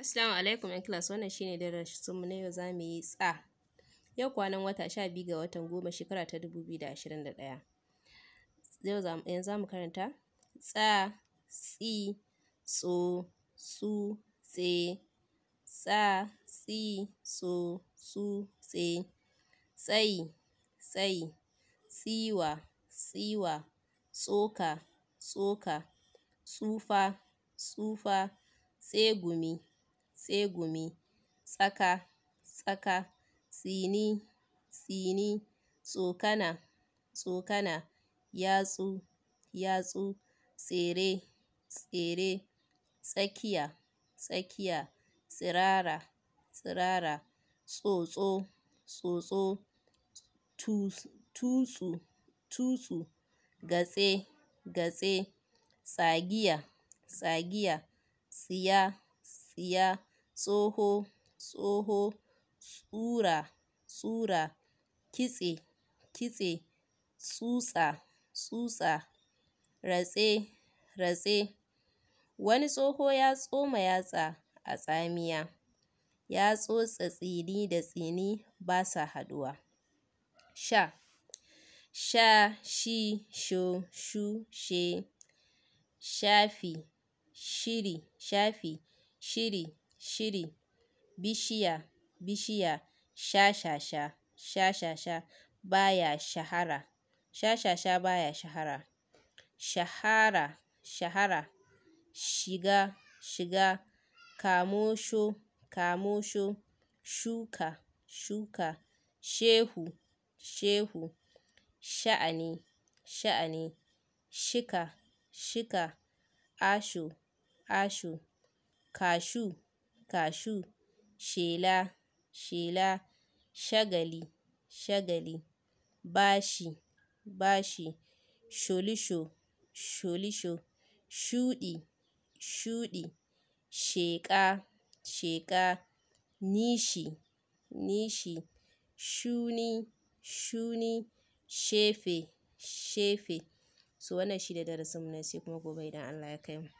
Assalamu alaikum ‘yan kilas wannan shine darasin mu na yau za mu yi tsa. Yau kwanan wata sha biyu ga watan goma shekara ta dubu biyu da ashirin da ɗaya. Yau yanzu karanta tsa, tsi, tso, tsu, tse, tsa, tsi, tso, tsu, tse, tsayi, tsayi, tsiwa, tsiwa, tsoka, tsoka, tsufa, tsufa, tsegumi. tsegumi, tsaka, tsaka, tsini, tsini, tsokana, tsokana, yatsu, yatsu, tsere, tsere, tsakiya, tsakiya, tsirara, tsirara, tsotso, tsotso, tutsu, tutsu, gatse, gatse, tsagiya, tsagiya, tsiya, tsiya, tsoho, tsoho, tsura, tsura, kitse, kitse, tsutsa, tsutsa, ratse, ratse. Wani tsoho ya tsoma yatsa a tsamiya, ya tsotsa tsini da tsini ba sa haɗuwa. Sha, sha, shi, sho, shu, she, shafi, shiri, shafi, shiri, shiri, bishiya, bishiya, shashasha, shashasha, baya shahara, shashasha baya shahara, shahara, shahara, shiga, shiga, kamosho, kamosho, shuka, shuka, shehu, shehu, sha'ani, sha'ani, shika, shika, asho, asho, kashu, kashu, shela, shela, shagali, shagali, bashi, bashi, sholisho, sholisho, shuɗi, shuɗi, sheƙa, sheƙa, nishi, nishi, shuni, shuni, shefe, shefe. So wannan shi ne darasinmu na yau sai kuma gobe idan Allah ya mu.